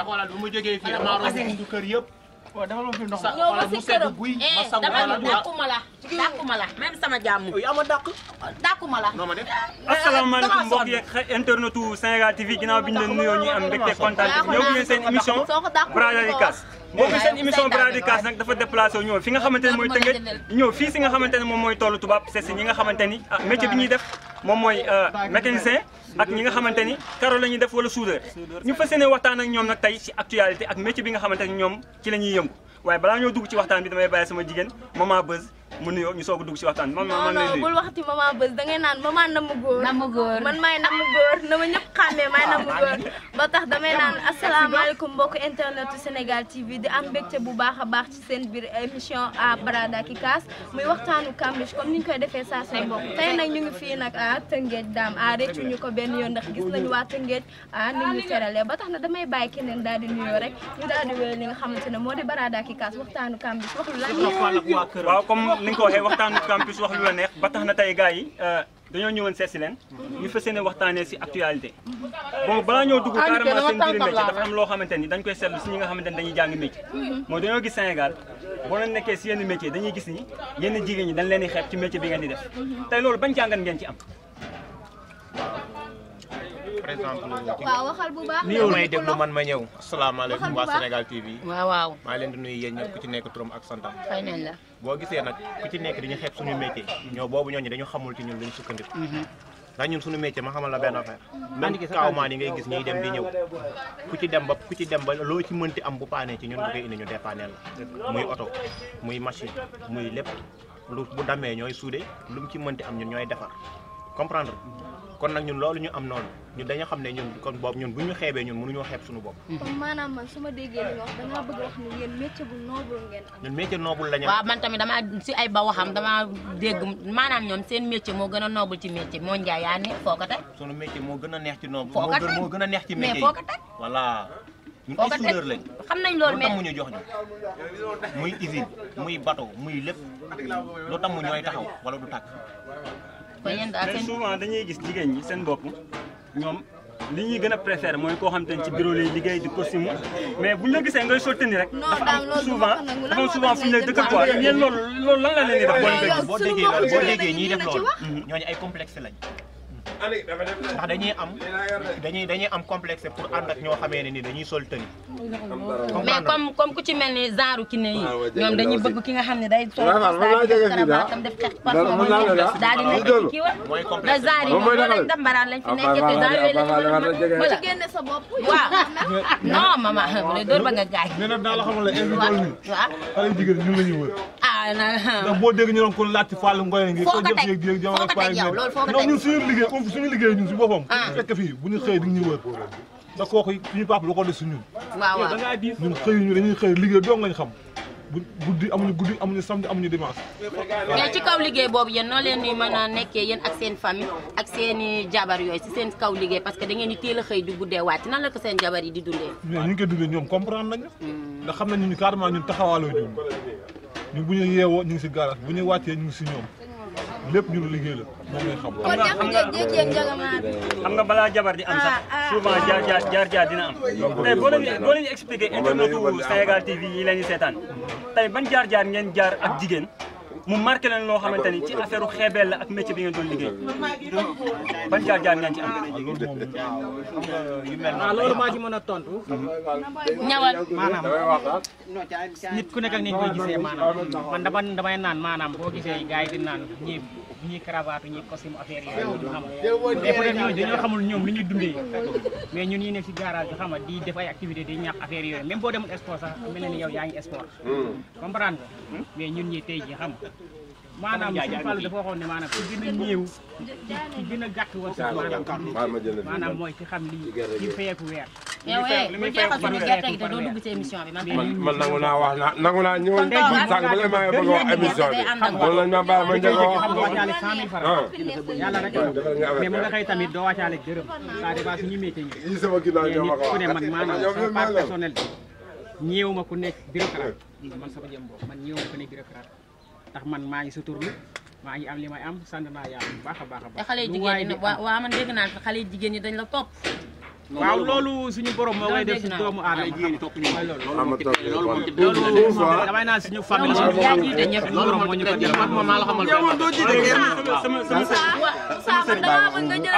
te xoolal bu ma jógee fii damaa romb du kër yëpp. ma xoolal mu sedd guy. Eh, ma sangu wala du dàquma la dàquma la ma noo ma def. Eh, eh, asalaamaaleykum mbokk yeeg internetu Sénégal TV ginnaaw bi ñu leen nuyoo ñuy am mbégte kontaan ñëw ngeen seen émission Bradda di Kaas. mbokk seen émission Bradda di Kaas nag dafa déplacé wu fi nga xamante ne mooy Tëngéej ñëw fii si nga xamante ne moom mooy toolu tubaab c'est si nga xamante ni ah, métier bi ñuy def moom mooy euh, mécanicien ak ñi nga xamante ni karo la ñuy def wala suudar ñu fas yéene waxtaan ak ñoom na tey si actualité ak métier bi nga xamante ni ñoom ci la ñuy yëngu waaye balaa ñoo dugg ci waxtaan bi damay bàyyi sama jigéen maman Beuz mu nuyoo ñu soog a dugg ci waxtaan bi man man bul waxati maman bés da ngay naan maman namu góor. namu góor man maay namu góor na ma ñëpp xàmmee maay ah, namu góor. ba tax damay naan asalaamaaleykum mbokk internetu Sénégal TV di am mbégte bu baax a baax ci seen biir émission à Barada ki kaas muy waxtaanu Cambérène comme ni koy defee saa seen bopp. tey ñu ngi fii nag à ah, Tëngéej daam ah, benn yoon ndax gis nañu waa Tëngéej ah ba tax na damay bàyyi keneen daal di nuyoo rek ñu daal di wéyal li nga xamante ne moo de Barada ki kaas waxtaanu Cambérène wax lu la ni nga ko waxee waxtaanu campus wax lu la neex ba tax na tey gars yi euh, dañoo ñëwoon seet si leen. ñu fas yéene waxtaanee si actualité. bon balaa ñoo dugg ah, carrément seen biir métier dafa am loo xamante ni dañ koy seetlu si ñi nga xamante ni dañuy jàng métier. mooy mhm. dañoo gis Sénégal boo leen nekkee si yenn métier dañuy gis ni yenn jigéen ñi dañ leen di xeeb ci métier bi ngeen di def mhm. tey loolu ban jàngat ngeen ci am. présente waaw waxal bu baax nii may déglu man ma ñëw asalaamaaleykum waa Sénégal TV waaw waaw maa leen di nuyu yéen ñëpp ku ci nekk turam ak santam fay boo gisee nag ku ci nekk ñu xeeb suñu métier ñoo boobu ñoo ñu dañu xamul ci ñun luñu sukkandiku mhm. ndax ñun suñu métier ma xamal la benn affaire mhm. même kaaw maan yi ngay gis ñuy dem di ñëw ku ci dem ba ku ci dem ba loo ci mënti am bu paanee ci ñun da koy indi ñu dépaneel la muy oto muy machine muy lépp lu bu damee ñooy suude lu ci mënti am ñun ñooy defar comprendre kon nag ñun loolu ñu am noonu ñun dañu xam ne ñun kon boobu ñun bu ñu xeebee ñun ñu xeeb suñu bopp. kon maanaam man su ma déggee li nga wax da bëgg wax ni yéen métier bu noble ngeen am. ñun métier noble la man tamit damaa si ay ba waxam damaa maanaam ñoom seen métier moo gën a noble ci métier moo njaay yaa ne foo moo gën a neex ci noble. moo gën a neex ci métier yi mais foo mu ñu jox muy usine muy bateau muy lépp lu tax mu ñooy taxaw wala du tàkk te yéen daal seen souvent dañuy gis jigéen ñi seen bopp ñoom li ñuy gën a préféré mooy koo xam te ne ci bureau lay liggéey di costume mais buñ la gisee ngay sotti ni rek. dafa am souvent dafa am souvent fuñ lay dëkkal quoi yéen loolu loolu lan la leen di def. boo déggee boo déggee ñiy def loolu ay complexe lañ. ndax dañuy am dañuy dañuy am complexe pour ànd ak ñoo xamee ne ni dañuy sol tenue. mais comme comme ku ci mel ni genre kiné yi ah, ñoom dañuy bëgg ki nga xam ne day. sol tam def xeex parfum daal di nekk kii wa. mooy complexe yi moom lañ dambaraan lañ fi nekk te genre yooyu lañ ba ci génne sa bopp. waaw non maman dóor ba nga gaañ. nee na daal xamal la indi tool yi. waaw xale jigéen ñu la ñuy wër. ndax boo dégg ñu doon ko laajte Fall Ngoye ngi ko jëf yéeg yéeg jamono fay non ñun suñu liggéey comme suñu liggéey ñun si boppam ah. fekk fii bu ñu xëy di ñu wër ndax kooku suñu papa da ko def si ñun waaw waaw ñun xëyuñu dañuy xëy liggéey doong lañ xam bu guddi amuñu guddi amuñu samedi amuñu dimanche mais ci kaw liggéey boobu yéen noo leen di mën a nekkee yéen ak seen famille ak seen i jabar yooyu si seen kaw liggéey parce que da ngeen di teel a xëy di guddee wàcc nan la ko seen jabar yi di dundee mais ñu ngi koy dundee ñoom comprendre nañ hmm. ndax xam nañ ñu carrément ñun taxawaaloo ñun ñu bu ñu yeewoo ñu ngi si garage bu ñu wàccee ñu ngi si ñoom lépp ñu liggéey la moom lañ xam. kon jafe-jafe xam nga balaa jabar di am sax. Ah, ah. souvent jaar jaar jaar jaar dina am. tey boo leen boo leen expliqué internetu Sénégal TV yi leen di seetaan tey ban jaar jaar ngeen jaar ak jigéen. mu marqué leen loo xamante ni ci affaire xeebeel la ak métier bi ngeen doon liggéey ban jaar-jaar ngeen ci am. waaw ah, ah, loolu maa ci mën a tontu. ñawal maanaam ah. nit ku nekk ak ni ñu koy gisee maanaam man dama damay naan maanaam boo gisee gars yi di naan ñii. ñii cravate ñii costume affaire yooyu ñoom li ñuy dundee mais ñun ñi ne si garage bi xam nga di def ay activité di ñaax affaire yooyu même boo demul sport sax mel na ni hmm. mais ñun ñi tey ji xam nga maanaam suñu fàllu dafa waxoon ne maanaam ci gën a néew ci gën a gàtt war maanaam mooy ci xam lii ci feyeeku weer li muy eh, fay bu fekkee bu doo dugg ci émission bi man. man nangu naa wax na nangu naa ñëwoon. sànq ba léegi maa ngi bëgg a wax émission bi. loolu la ñu ma bàyyi ma njëkk a wax. Ah. yàlla rek mais mu nga xëy tamit doo wàccaale dërëm. ça dépend suñu métier yi. sama ginnaaw ñoo ma ko wax mais nit ku ne man maanaam sama part personnel bi. ñëw ma ku nekk bureaucrate man sama jëm bopp man ñëw ma ku nekk bureaucrate ndax man maa ngi suturlu maa ngi am li may am sant naa yàlla bu baax a baax a baax. te xale jigéen ñi waaw man dégg naa xale jigéen ñi dañ la topp waaw loolu suñu borom def doomu loolu damay naan suñu famille loolu ñu ko man la xamal ci sama sama sama nga ñu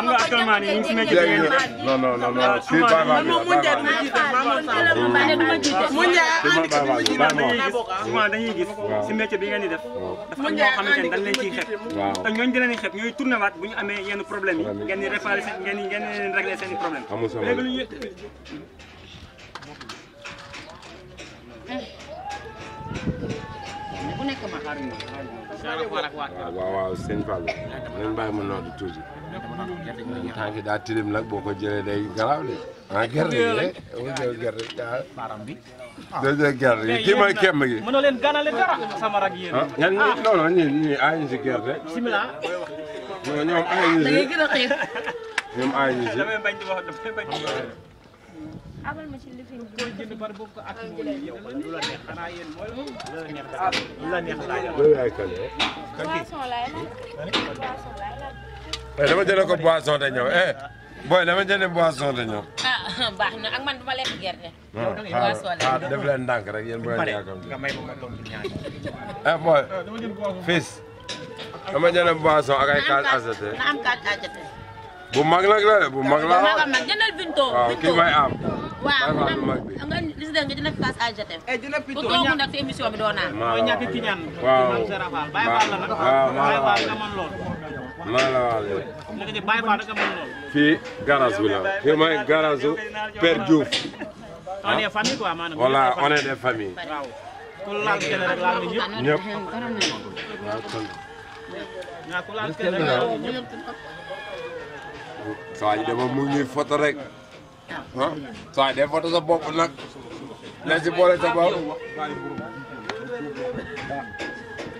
non non non non ci ma dañuy gis bi def dafa am dañ te yenn problème léegi lu ñuy ku nekk ma xaar ñu waaw waaw waaw sëñ Fall nañ bàyyi ma noonu tuuti même temps que daa tilim nag boo ko jëlee day garaaw de ah gerte gi de wala gi ah. déedéet gerte gi kii sama rak yéen. ah ñan ñii ah. non non ñii ñii aayuñ si gerte. bisimilah. ñoom ñoom aayuñ si. da ngay gën a ñoom aay ñu si damay bañ di wax damay bañ di wax. abal ma ci li fi jënd par bopp ak mooy yow lu la neex xanaa yéen mooy lu la neex ah. laajal. loolu yaay kan kan kii eh, dama jëlee ko boisson te ñëw eh booy dama jëlee boisson te ñëw. ah baax na ak man duma lekk gerte. yow da ngay boisson la ah def leen ndànk rek yéen bu leen yaakaar. nga may ma tontu ñaar. eh booy ah, fils dama jëlee boisson ak ay kaas azote. na am kaas azote. bu mag nag la de bu mag la waaw mag jëndal Binto. am. nag eh, la nag. waaw Baye Fall la wax léegi. Baye Fall nga mën lool. fii garage bi la fii saa yi dama mu ñuy foto rek ah saa yi day foto sa bopp nag na si boole sa bopp.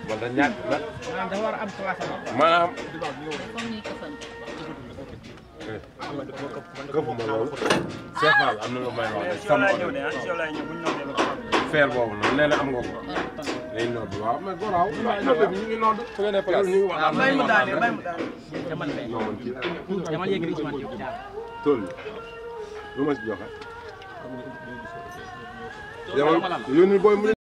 man da ñàkk nag. maanaam dafa war a am classe la. maanaam. këppuma loolu. Cheikh Fall am na lu may wax rek. sama feer boobu noonu nee na am nga ko. day nodd waaw mais Goraw. waaw ñu ngi nodd. su ngeen ne Pagalle ñu ngi wax. waaw bàyyi mu daal de bàyyi mu daal de. jamal fay jamal yeggali ci man jóg jaar. tool bi lu ma si joxe. jamal yónni booy mu